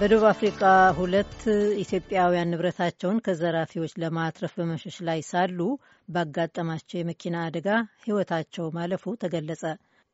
በደቡብ አፍሪካ ሁለት ኢትዮጵያውያን ንብረታቸውን ከዘራፊዎች ለማትረፍ በመሸሽ ላይ ሳሉ ባጋጠማቸው የመኪና አደጋ ሕይወታቸው ማለፉ ተገለጸ።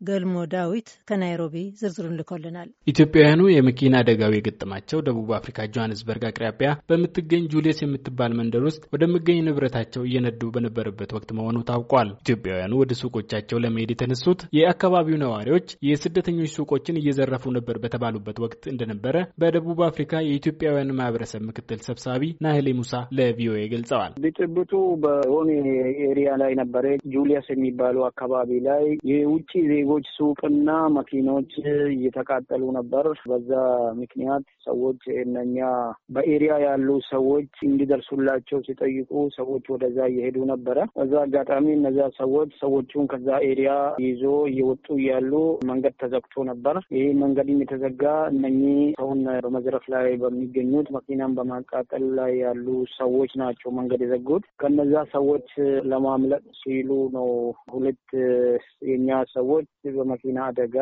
ገልሞ ዳዊት ከናይሮቢ ዝርዝሩን ልኮልናል። ኢትዮጵያውያኑ የመኪና አደጋው የገጠማቸው ደቡብ አፍሪካ ጆሃንስበርግ አቅራቢያ በምትገኝ ጁልየስ የምትባል መንደር ውስጥ ወደሚገኝ ንብረታቸው እየነዱ በነበረበት ወቅት መሆኑ ታውቋል። ኢትዮጵያውያኑ ወደ ሱቆቻቸው ለመሄድ የተነሱት የአካባቢው ነዋሪዎች የስደተኞች ሱቆችን እየዘረፉ ነበር በተባሉበት ወቅት እንደነበረ በደቡብ አፍሪካ የኢትዮጵያውያን ማህበረሰብ ምክትል ሰብሳቢ ናህሌ ሙሳ ለቪኦኤ ገልጸዋል። ብጥብጡ በሆነ ኤሪያ ላይ ነበረ ጁልየስ የሚባለው አካባቢ ላይ የውጭ ዜጎ ሰዎች ሱቅና መኪኖች እየተቃጠሉ ነበር። በዛ ምክንያት ሰዎች እነኛ በኤሪያ ያሉ ሰዎች እንዲደርሱላቸው ሲጠይቁ ሰዎች ወደዛ እየሄዱ ነበረ። በዛ አጋጣሚ እነዛ ሰዎች ሰዎቹን ከዛ ኤሪያ ይዞ እየወጡ እያሉ መንገድ ተዘግቶ ነበር። ይህ መንገድም የተዘጋ እነኚህ ሰውን በመዝረፍ ላይ በሚገኙት መኪናን በማቃጠል ላይ ያሉ ሰዎች ናቸው መንገድ የዘጉት። ከነዛ ሰዎች ለማምለጥ ሲሉ ነው ሁለት የኛ ሰዎች በመኪና አደጋ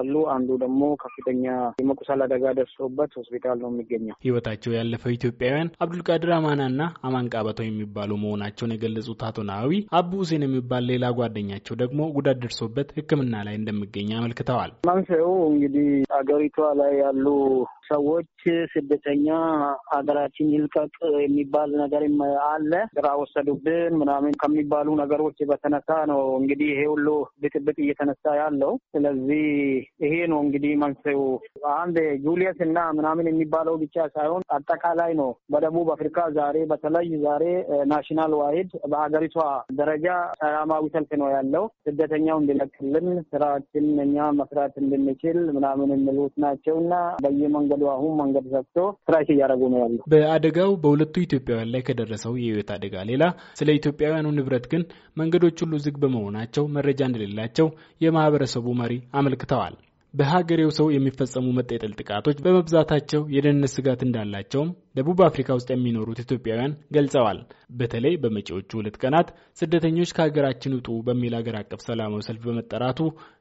አሉ አንዱ ደግሞ ከፍተኛ የመቁሰል አደጋ ደርሶበት ሆስፒታል ነው የሚገኘው። ህይወታቸው ያለፈው ኢትዮጵያውያን አብዱልቃድር እና አማን ቃበቶ የሚባሉ መሆናቸውን የገለጹት አቶ ናዊ አቡ ሁሴን የሚባል ሌላ ጓደኛቸው ደግሞ ጉዳት ደርሶበት ሕክምና ላይ እንደሚገኝ አመልክተዋል። መንስኤው እንግዲህ አገሪቷ ላይ ያሉ ሰዎች ስደተኛ ሀገራችን ይልቀቅ የሚባል ነገርም አለ። ስራ ወሰዱብን ምናምን ከሚባሉ ነገሮች በተነሳ ነው እንግዲህ ይሄ ሁሉ ብጥብጥ እየተነሳ ያለው። ስለዚህ ይሄ ነው እንግዲህ መንስኤው አንድ ጁልየስ እና ምናምን የሚባለው ብቻ ሳይሆን አጠቃላይ ነው። በደቡብ አፍሪካ ዛሬ በተለይ ዛሬ ናሽናል ዋይድ በሀገሪቷ ደረጃ ሰላማዊ ሰልፍ ነው ያለው። ስደተኛው እንዲለቅልን ስራችን እኛ መስራት እንድንችል ምናምን የሚሉት ናቸው እና በየመንገ መንገዱ አሁን መንገድ ዘግቶ ስራሽ እያደረጉ ነው ያሉ። በአደጋው በሁለቱ ኢትዮጵያውያን ላይ ከደረሰው የህይወት አደጋ ሌላ ስለ ኢትዮጵያውያኑ ንብረት ግን መንገዶች ሁሉ ዝግ በመሆናቸው መረጃ እንደሌላቸው የማህበረሰቡ መሪ አመልክተዋል። በሀገሬው ሰው የሚፈጸሙ መጠጠል ጥቃቶች በመብዛታቸው የደህንነት ስጋት እንዳላቸውም ደቡብ አፍሪካ ውስጥ የሚኖሩት ኢትዮጵያውያን ገልጸዋል። በተለይ በመጪዎቹ ሁለት ቀናት ስደተኞች ከሀገራችን ውጡ በሚል ሀገር አቀፍ ሰላማዊ ሰልፍ በመጠራቱ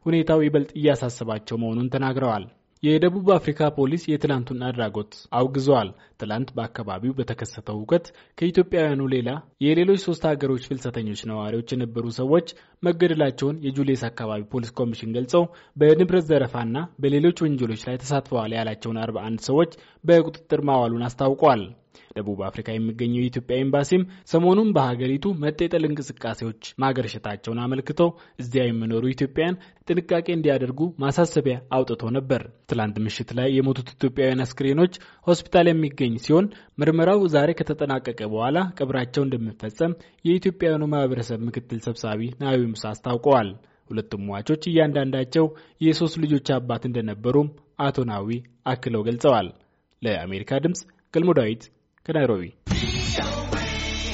ሁኔታው ይበልጥ እያሳሰባቸው መሆኑን ተናግረዋል። የደቡብ አፍሪካ ፖሊስ የትላንቱን አድራጎት አውግዘዋል። ትላንት በአካባቢው በተከሰተው ሁከት ከኢትዮጵያውያኑ ሌላ የሌሎች ሶስት ሀገሮች ፍልሰተኞች ነዋሪዎች የነበሩ ሰዎች መገደላቸውን የጁሌስ አካባቢ ፖሊስ ኮሚሽን ገልጸው በንብረት ዘረፋና በሌሎች ወንጀሎች ላይ ተሳትፈዋል ያላቸውን 41 ሰዎች በቁጥጥር ማዋሉን አስታውቋል። ደቡብ አፍሪካ የሚገኘው የኢትዮጵያ ኤምባሲም ሰሞኑን በሀገሪቱ መጤጠል እንቅስቃሴዎች ማገርሸታቸውን አመልክተው እዚያ የሚኖሩ ኢትዮጵያውያን ጥንቃቄ እንዲያደርጉ ማሳሰቢያ አውጥቶ ነበር። ትላንት ምሽት ላይ የሞቱት ኢትዮጵያውያን አስክሬኖች ሆስፒታል የሚገኝ ሲሆን ምርመራው ዛሬ ከተጠናቀቀ በኋላ ቅብራቸው እንደሚፈጸም የኢትዮጵያውያኑ ማህበረሰብ ምክትል ሰብሳቢ ናዊ ሙሳ አስታውቀዋል። ሁለቱም ሟቾች እያንዳንዳቸው የሶስት ልጆች አባት እንደነበሩም አቶ ናዊ አክለው ገልጸዋል። ለአሜሪካ ድምፅ ገልሞ ዳዊት que Nairobi.